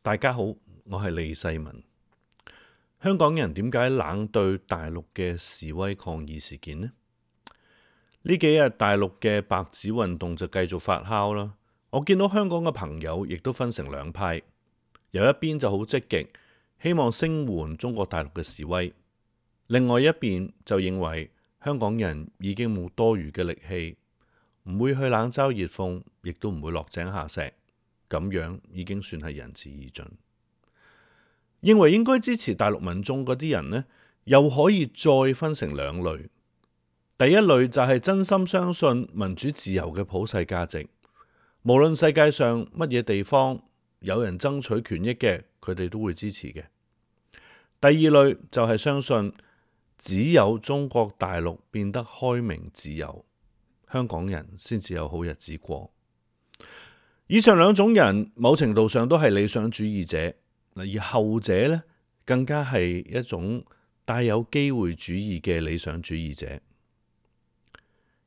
大家好，我係李世民。香港人點解冷對大陸嘅示威抗議事件呢？呢幾日大陸嘅白紙運動就繼續發酵啦。我見到香港嘅朋友亦都分成兩派，有一邊就好積極，希望聲援中國大陸嘅示威；另外一邊就認為香港人已經冇多餘嘅力氣，唔會去冷嘲熱諷，亦都唔會落井下石。咁樣已經算係仁至義盡。認為應該支持大陸民眾嗰啲人呢，又可以再分成兩類。第一類就係真心相信民主自由嘅普世價值，無論世界上乜嘢地方有人爭取權益嘅，佢哋都會支持嘅。第二類就係相信只有中國大陸變得開明自由，香港人先至有好日子過。以上兩種人，某程度上都係理想主義者，而後者呢更加係一種帶有機會主義嘅理想主義者，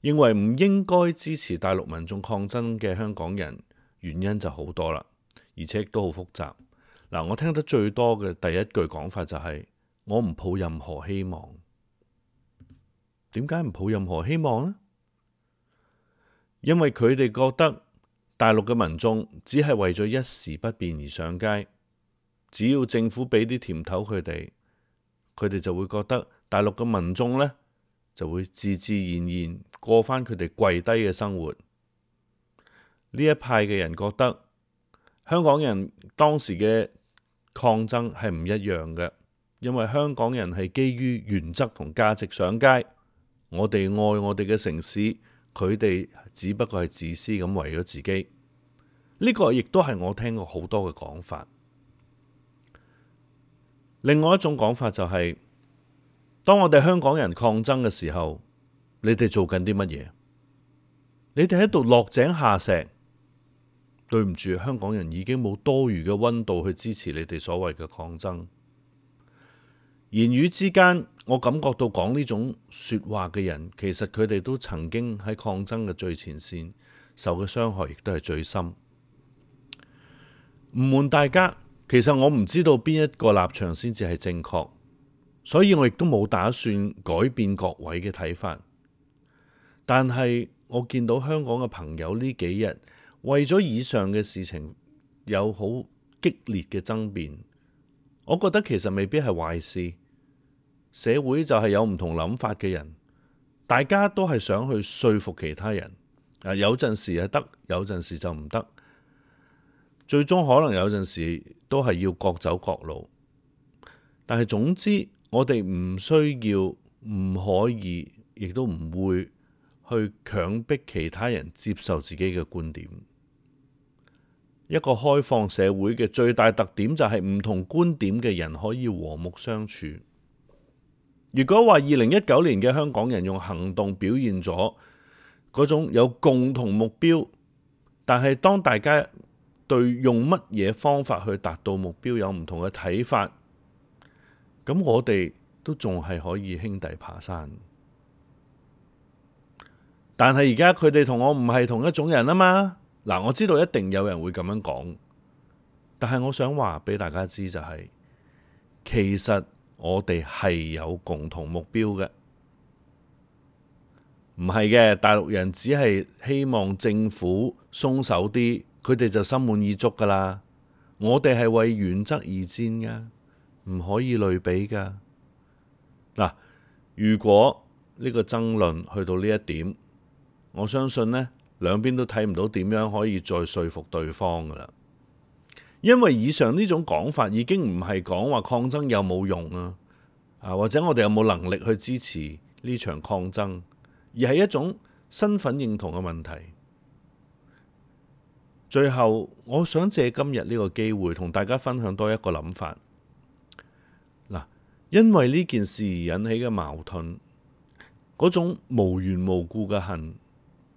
認為唔應該支持大陸民眾抗爭嘅香港人，原因就好多啦，而且亦都好複雜。嗱，我聽得最多嘅第一句講法就係：我唔抱任何希望。點解唔抱任何希望呢？因為佢哋覺得。大陸嘅民眾只係為咗一時不便而上街，只要政府俾啲甜頭佢哋，佢哋就會覺得大陸嘅民眾呢就會自自然然過返佢哋跪低嘅生活。呢一派嘅人覺得香港人當時嘅抗爭係唔一樣嘅，因為香港人係基於原則同價值上街，我哋愛我哋嘅城市，佢哋，只不過係自私咁為咗自己，呢個亦都係我聽過好多嘅講法。另外一種講法就係，當我哋香港人抗爭嘅時候，你哋做緊啲乜嘢？你哋喺度落井下石。對唔住，香港人已經冇多餘嘅溫度去支持你哋所謂嘅抗爭。言語之間，我感覺到講呢種說話嘅人，其實佢哋都曾經喺抗爭嘅最前線，受嘅傷害亦都係最深。唔瞞大家，其實我唔知道邊一個立場先至係正確，所以我亦都冇打算改變各位嘅睇法。但係我見到香港嘅朋友呢幾日，為咗以上嘅事情，有好激烈嘅爭辯，我覺得其實未必係壞事。社會就係有唔同諗法嘅人，大家都係想去說服其他人。啊，有陣時係得，有陣時就唔得。最終可能有陣時都係要各走各路。但係總之，我哋唔需要、唔可以，亦都唔會去強迫其他人接受自己嘅觀點。一個開放社會嘅最大特點，就係唔同觀點嘅人可以和睦相處。如果話二零一九年嘅香港人用行動表現咗嗰種有共同目標，但係當大家對用乜嘢方法去達到目標有唔同嘅睇法，咁我哋都仲係可以兄弟爬山。但係而家佢哋同我唔係同一種人啊嘛。嗱，我知道一定有人會咁樣講，但係我想話俾大家知就係，其實。我哋係有共同目標嘅，唔係嘅。大陸人只係希望政府鬆手啲，佢哋就心滿意足㗎喇。我哋係為原則而戰㗎，唔可以類比㗎。嗱，如果呢個爭論去到呢一點，我相信呢，兩邊都睇唔到點樣可以再說服對方㗎喇。因為以上呢種講法已經唔係講話抗爭有冇用啊，啊或者我哋有冇能力去支持呢場抗爭，而係一種身份認同嘅問題。最後，我想借今日呢個機會同大家分享多一個諗法。嗱，因為呢件事而引起嘅矛盾，嗰種無緣無故嘅恨，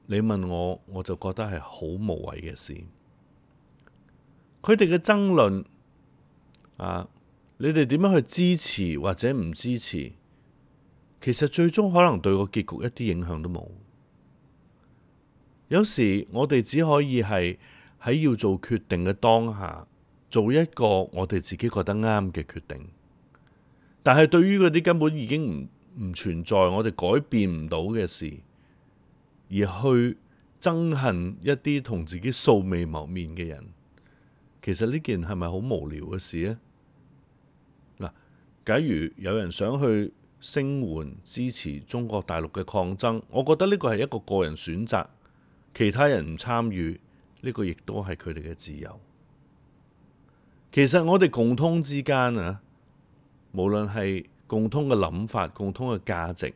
你問我，我就覺得係好無謂嘅事。佢哋嘅爭論，啊，你哋點樣去支持或者唔支持？其實最終可能對個結局一啲影響都冇。有時我哋只可以係喺要做決定嘅當下，做一個我哋自己覺得啱嘅決定。但係對於嗰啲根本已經唔唔存在，我哋改變唔到嘅事，而去憎恨一啲同自己素未謀面嘅人。其實呢件係咪好無聊嘅事呢？假如有人想去聲援支持中國大陸嘅抗爭，我覺得呢個係一個個人選擇，其他人唔參與，呢個亦都係佢哋嘅自由。其實我哋共通之間啊，無論係共通嘅諗法、共通嘅價值，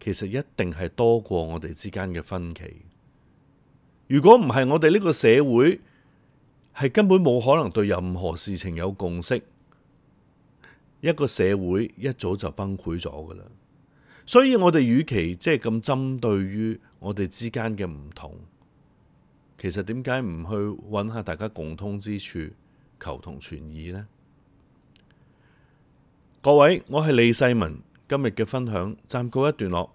其實一定係多過我哋之間嘅分歧。如果唔係我哋呢個社會，係根本冇可能對任何事情有共識，一個社會一早就崩潰咗㗎喇。所以我哋與其即係咁針對於我哋之間嘅唔同，其實點解唔去揾下大家共通之處，求同存異呢？各位，我係李世民，今日嘅分享暫告一段落。